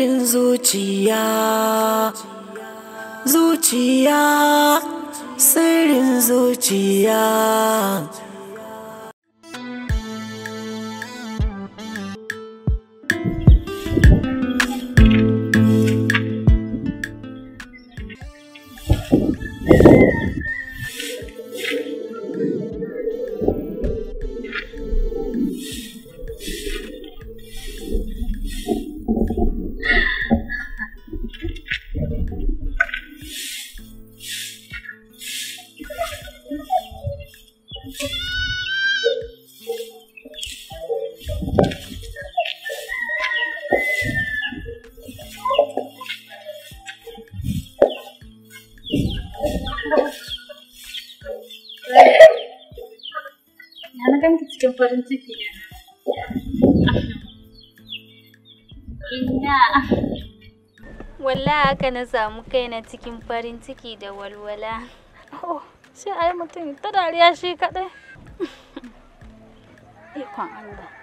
sirrin zuciya zuciya sirrin zuciya Ya na ganki Wallahi haka na samu kaina cikin farin ciki da walwala. Oh, sai ai mutum ta dariya shi kaɗai. Ikon Allah.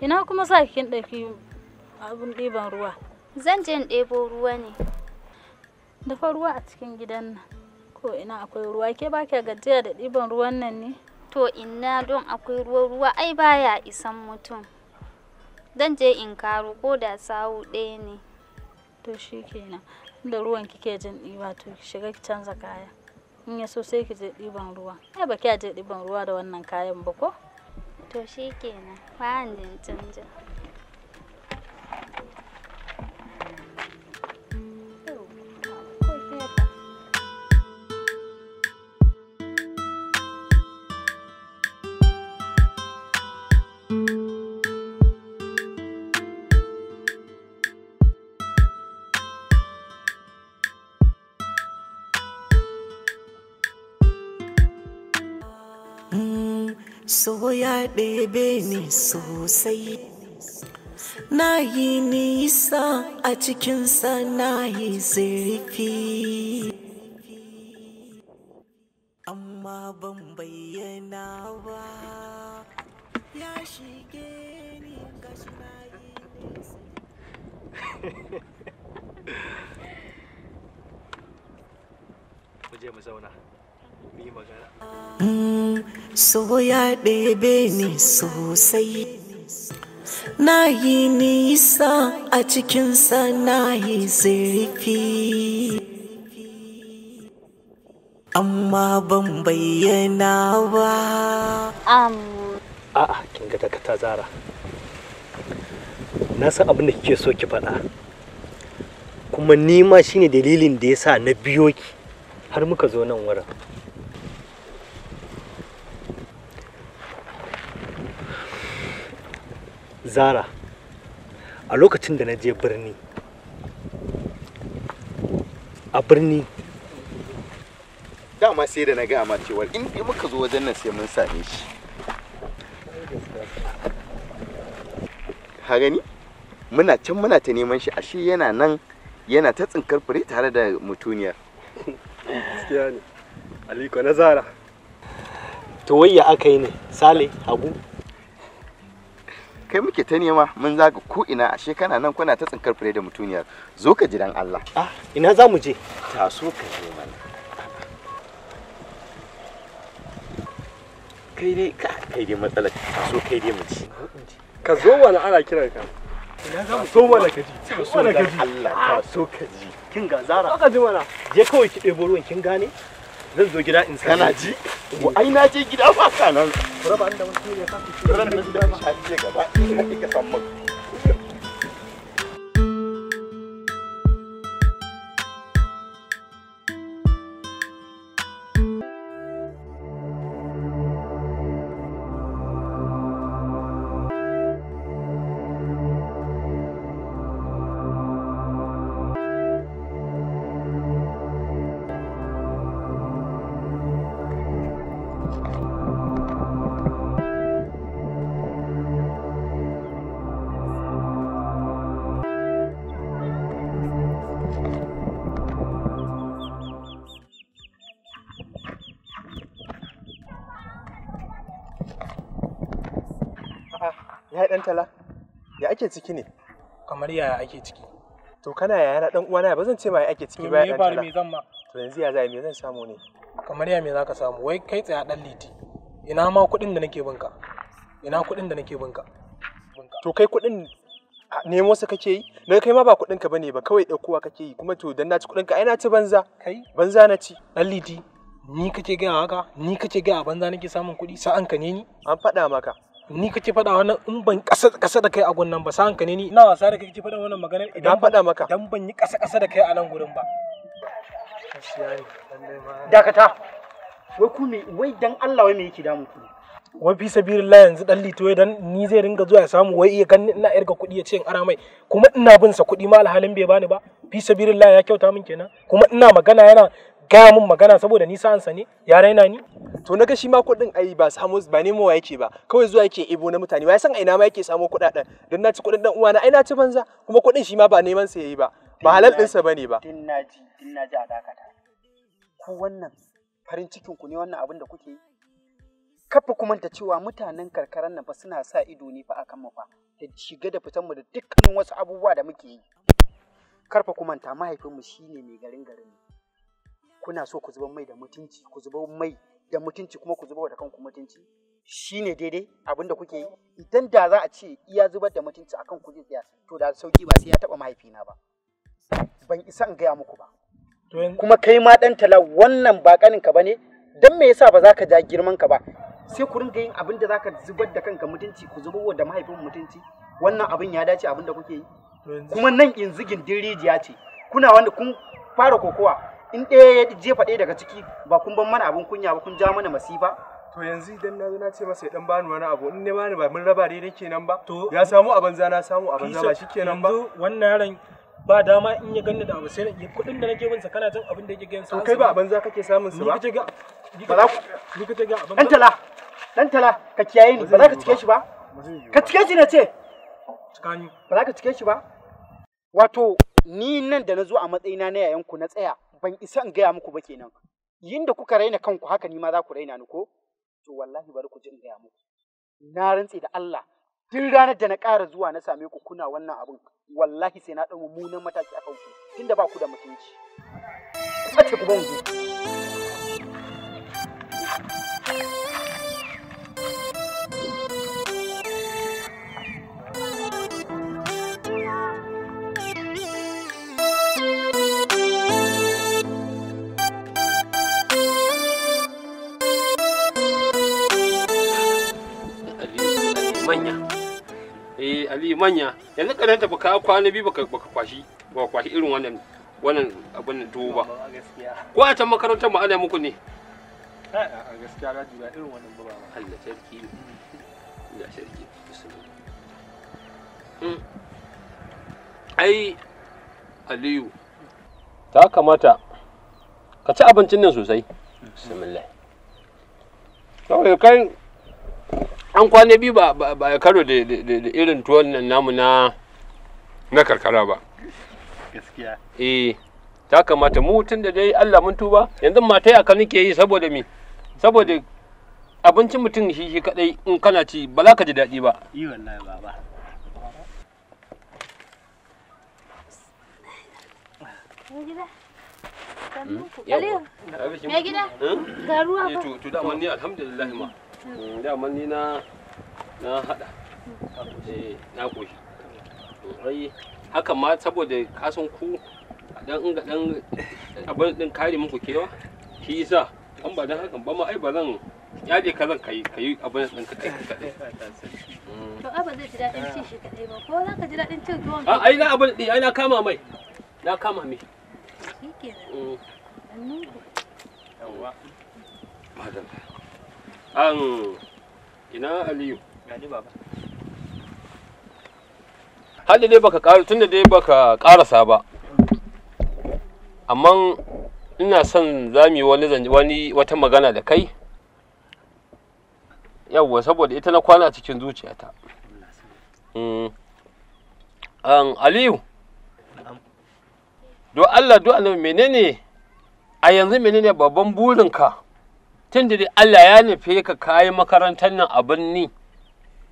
Ina kuma sa kin ɗauki abun ɗiban ruwa? Zan je in ɗebo ruwa ne. Dafa ruwa a cikin gidan nan. Ko ina akwai ruwa ke ba kya gajiya da ɗiban ruwan nan ne? To ina don akwai ruwa ruwa ai baya isan mutum. Zan je in karo ko da sawu ɗaya ne. To shi kenan. Da ruwan kike jin ɗiba to ki shiga ki canza kaya. In ya so sai ki je ɗiban ruwa. Ai ba kya je ɗiban ruwa da wannan kayan ba ko? 多都是技能，关键真着。so ya ɗebe ni sosai na yi nisa a cikinsa na yi zurfi amma ban bayyana ba ya shige ni gashi na yi nisa je mu zauna ni sosai na yi nisa a cikinsa na yi zurfi amma ban bayyana ba a'a kin ga daga zara na san abin da kike so ki faɗa kuma nima shine dalilin da yasa na biyo ki har muka zo nan wurin zara a lokacin da na je birni a birni dama sai da na ga ma cewar in dai muka zo wajen nan sai mun same shi ha gani muna can muna ta neman shi ashe yana nan yana ta tsinkar fure tare da mutuniyar gaskiya ne aliko na zara to wayya aka yi ne sale hagu kai muke ta nema mun zaga ko ina a kana nan kuna ta tsinkar fure da mutuniyar zo ka jiran Allah ah ina za mu je taso ka je mana kai dai ka kai dai matsalar taso kai dai mu ci ka zo wala ana kiran ka ina za mu so wala ka ji so wala ka ji Allah taso ka ji kin ga zara ka ji mana je kawai ki debo ruwan kin gane zan zo gida in sana ji ai na je gida ba kanan raba da wasu ne ka fi ran da gida ma gaba ɗan tala ya ake ciki ne kamar yaya ake ciki to kana yaya na ɗan uwana ba zan ce ma ya ake ciki ba ya ɗan tala me zan ma to yanzu ya za me zan samu ne kamar ya me za ka samu wai kai tsaya ɗan liti ina ma kuɗin da nake binka ina kuɗin da nake binka to kai kuɗin nemo su kake yi na kai ma ba kuɗin ka bane ba kawai ɗaukowa kake yi kuma to dan na ci kuɗin ka ai na ci banza kai banza na ci ɗan liti ni kake gaya haka ni kake gaya banza nake samun kuɗi sa'an ka ne ni an faɗa maka ni ci faɗa wannan in ban ƙasa ƙasa da kai a gunnan ba sa hankali ne ni ina wasa da kai ci faɗa wannan maganar idan faɗa maka dan ban yi ƙasa ƙasa da kai a nan gurin ba dakata wai ku me wai dan Allah wai me yake damu ku wai fi sabilillah yanzu dan litoye dan ni zai ringa zuwa ya samu wai iya kan ina irga kuɗi ya ce in ara mai kuma ina bin sa kuɗi ma alhalin bai bani ba fi sabilillah ya kyauta min kenan kuma ina magana yana gaya mun magana saboda ni ne ya na ni to naga shi ma kuɗin ai ba samu ba nemo wa yake ba kawai zuwa yake ibo na mutane wai san ina ma yake samu kuɗaɗen dan na ci kuɗin dan uwana ai na banza kuma kuɗin shi ma ba neman sa yayi ba ba halal sa bane ba din naji din naji a dakata ku wannan farin cikin ku ne wannan abin da kuke yi kafa kuma ta cewa mutanen karkaran nan fa suna sa ido ne fa akan mu fa da shiga da fitan mu da dukkanin wasu abubuwa da muke yi karfa kuma ta mahaifinmu shine mai garin garin kuna so ku zubar mai da mutunci ku zubar mai da mutunci kuma ku zubar da kanku mutunci shine daidai abin da kuke yi idan da za a ce iya zubar da mutunci akan ku zai tsaya to da sauki ba sai ya taba mahaifina ba ban isa in gaya muku ba kuma kai ma dan tala wannan ba kanin ka bane dan me yasa ba za ka ja girman ka ba sai ku ringa yin abin da za ka zubar da kanka mutunci ku zubar da mahaifin mutunci wannan abin ya dace abin da kuke yi kuma nan in zigin dirijiya ce kuna wanda kun fara kokowa in ɗaya ya jefa ɗaya daga ciki ba kun ban mana abin kunya ba kun ja mana masifa to yanzu idan na na ce masa ya dan bani wani abu in ne bani ba mun raba daidai kenan ba to ya samu abin banza na samu abin banza ba shikenan ba wannan yaron ba dama in ya ganni da abu sai ya kudin da nake bin sa kana jin abin da yake gayan sa to kai ba abin banza kake samun su ba ni kace ga ni kace ga abin dan tala dan tala ka kiyaye ni ba za ka cike shi ba ka cike shi na ce ba za ka cike shi ba wato ni nan da na zo a matsayina na yayanku na tsaya ban isa in gaya muku ba kenan yin da kuka raina kanku haka ni ma za ku raina ni ko to wallahi bari ku ji in gaya muku na rantse da Allah duk ranar da na ƙara zuwa na same ku kuna wannan abin wallahi sai na ɗau mummunan mataki akan ku tunda ba ku da mutunci ku ku ban manya yanzu ka tafi ka kwana biyu baka baka kwashi ba kwashi irin wannan wannan abin ba ko a can makarantar mu ana muku ne a gaskiya ga irin wannan ba Allah sarki mm. sarki mm. ai Aliyu ta abincin nan sosai mm. bismillah an kwana biyu ba ba karo da irin tuwon nan namu na na karkara ba gaskiya eh ta kamata mu tun da dai Allah mun tuba yanzu matai kanu ke yi saboda mi saboda abincin mutum shi shi kadai in kana ci ba za ka ji daɗi ba yi wallahi gida? Hmm? Hmm? Eh, ba. alhamdulillah ma. Mm, daman ni na na hada eh, na koshi ai ma saboda kasan ku dan inga dan abin din kare muku kewa shi an ba dan haka ba ma ai ba zan ya je ka zan kai kai abin din ka kai kadai mm. to zai ji dadin cin shi kadai ba ko za ka ji dadin cin tuwon a ah, ai na abin din ai na kama mai na kama mai shikenan mm. yawa Ang ina aliyu gani baba hadi dai baka ƙara tunda dai baka ƙarasa ba amma ina son za mu yi wani wani wata magana da kai yawwa saboda ita na kwana cikin zuciyata mm. an aliyu do Allah do Allah menene a yanzu menene babban burinka tun da Allah ya nufe ka kayi makarantar nan abin ni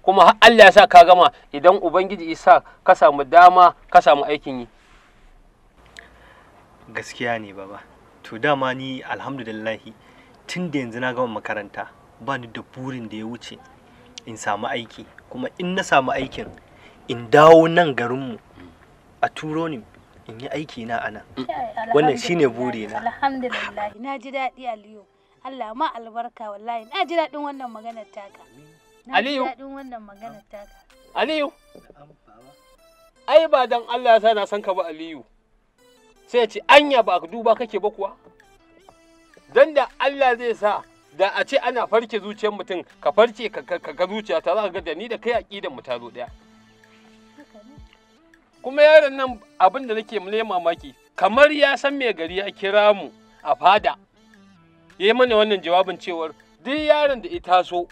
kuma Allah ya sa ka gama idan ubangiji isa ka samu dama ka samu aikin yi gaskiya ne baba to dama ni alhamdulillahi tun da yanzu na gama makaranta ba ni da burin da ya wuce in samu aiki kuma in na samu aikin in dawo nan garinmu a turo ni in yi aiki na a nan wannan shine burina alhamdulillah na ji daɗi aliyu Allah ma albarka wallahi na ji daɗin wannan maganar taka Aliyu na ji daɗin wannan maganar taka Aliyu ai ba dan Allah ya sa na san ka ba Aliyu sai ce anya ba duba kake ba kuwa dan da Allah zai sa da a ce ana farke zuciyar mutum ka farce ka zuciya ta za ka ga da ni da kai aqidan mu ta zo daya. kuma yaron nan abin da nake mu mamaki kamar ya san me gari ya kira mu a fada ya yi mana wannan jawabin cewar duk yaron da ita so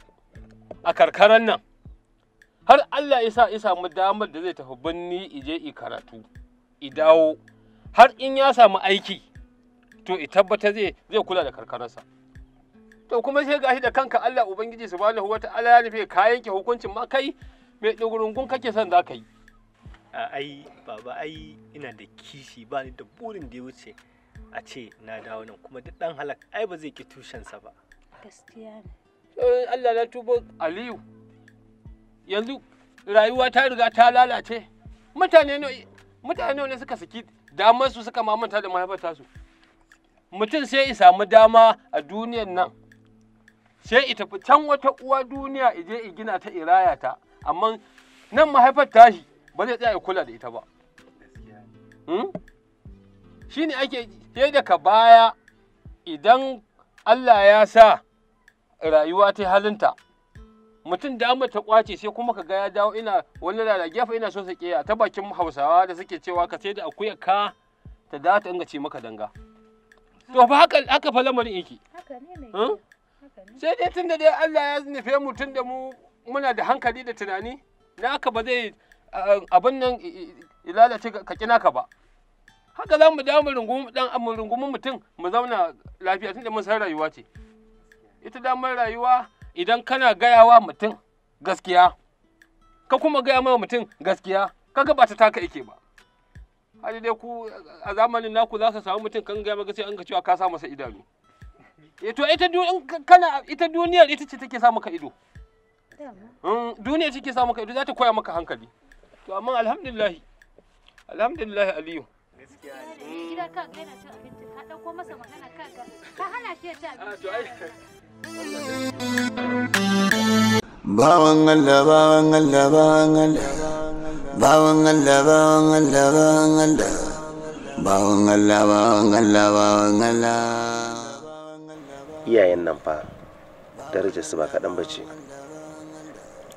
a karkaran nan har Allah ya sa ya samu damar da zai tafi birni ije i karatu i dawo har in ya samu aiki to i tabbata zai zai kula da karkararsa to kuma sai gashi da kanka Allah ubangiji subhanahu wata'ala ya nufi ka yanke hukuncin ma kai mai dogurungun kake son za yi ai baba ai ina da kishi ba ni da burin da ya wuce a ce na dawo nan kuma duk dan halak ai ba zai ki tushensa ba gaskiya ne Allah na tubo Aliyu yanzu rayuwa ta riga ta lalace mutane ne mutane ne suka saki damar su suka mamanta da mahaifata su mutum sai ya samu dama a duniyar nan sai ita fi can wata uwa duniya je i gina ta iraya ta amma nan mahaifar tashi ba zai tsaya kula da ita ba shi ne ake sai daga baya idan Allah ya sa rayuwa ta halinta mutum dama ta kwace sai kuma ka ga ya dawo ina wani rana gefe ina so sake ya ta bakin Hausawa da suke cewa ka sai da akuya ka ta da ta inga maka danga to fa haka haka fa lamarin yake hmm? sai dai tunda dai Allah ya nufe mu da mu muna da hankali da tunani naka ba zai eh, abin nan ilalace ka kina ka ba haka za mu dawo mu rungumi dan mu rungumi mutum mu zauna lafiya tunda mun san rayuwa ce ita damar rayuwa idan kana gayawa mutum gaskiya ka kuma gaya ma mutum gaskiya kaga ba ta taka yake ba hadi dai ku a zamanin naku za ka samu mutum kan gaya maka sai an ga cewa ka sa masa idanu eh to ita kana ita duniyar ita ce take sa maka ido hmm, duniya take sa maka ido za ta koya maka hankali to amma alhamdulillah alhamdulillah aliyu bawan Allah bawan Allah bawan Allah bawan Allah bawan Allah bawan Allah bawan Allah iyayen nan fa daraja su ba kaɗan bace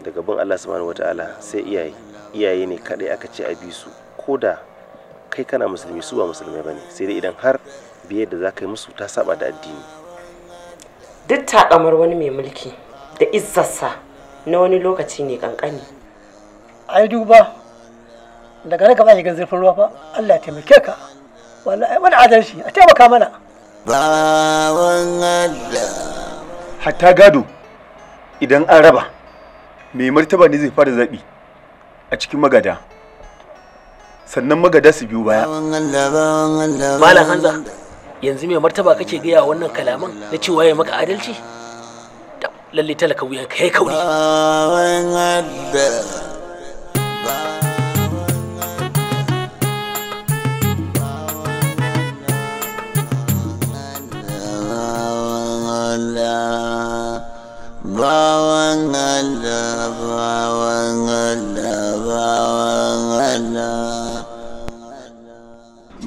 daga bin Allah subhanahu wataala sai iyaye iyaye ne kaɗai aka ce a bi su ko da kai kana musulmi su ba musulmai bane sai dai idan har biyar da za ka yi musu ta saba da addini duk takamar wani mai mulki da izzarsa na wani lokaci ne kankani ai duba daga nan gaba shiga zurfin ruwa fa Allah ya taimake ka wallahi mun adalci a taimaka mana bawan Allah hatta gado idan an raba mai martaba ne zai fara zabi a cikin magada sannan magada su biyu baya malam hanza yanzu mai martaba kake gaya wannan kalaman na cewa ya maka adalci lalle talaka wuyan ka yi kauri Bawan Allah, bawan Allah, bawan Allah.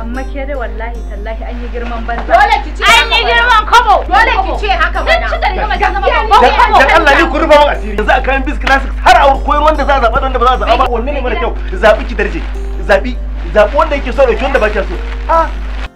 amma ke dai wallahi tallahi an yi girman banza dole ki ce an yi girman kobo dole ki ce haka mana sun ci da rigama ta zama kobo dan Allah ni ku rufa mun asiri yanzu a kan bis classic har a koyar wanda za a zaba wanda ba za a zaba ba wanne ne mara kyau zabi ki darje zabi zabi wanda yake so da wanda ba kya so ah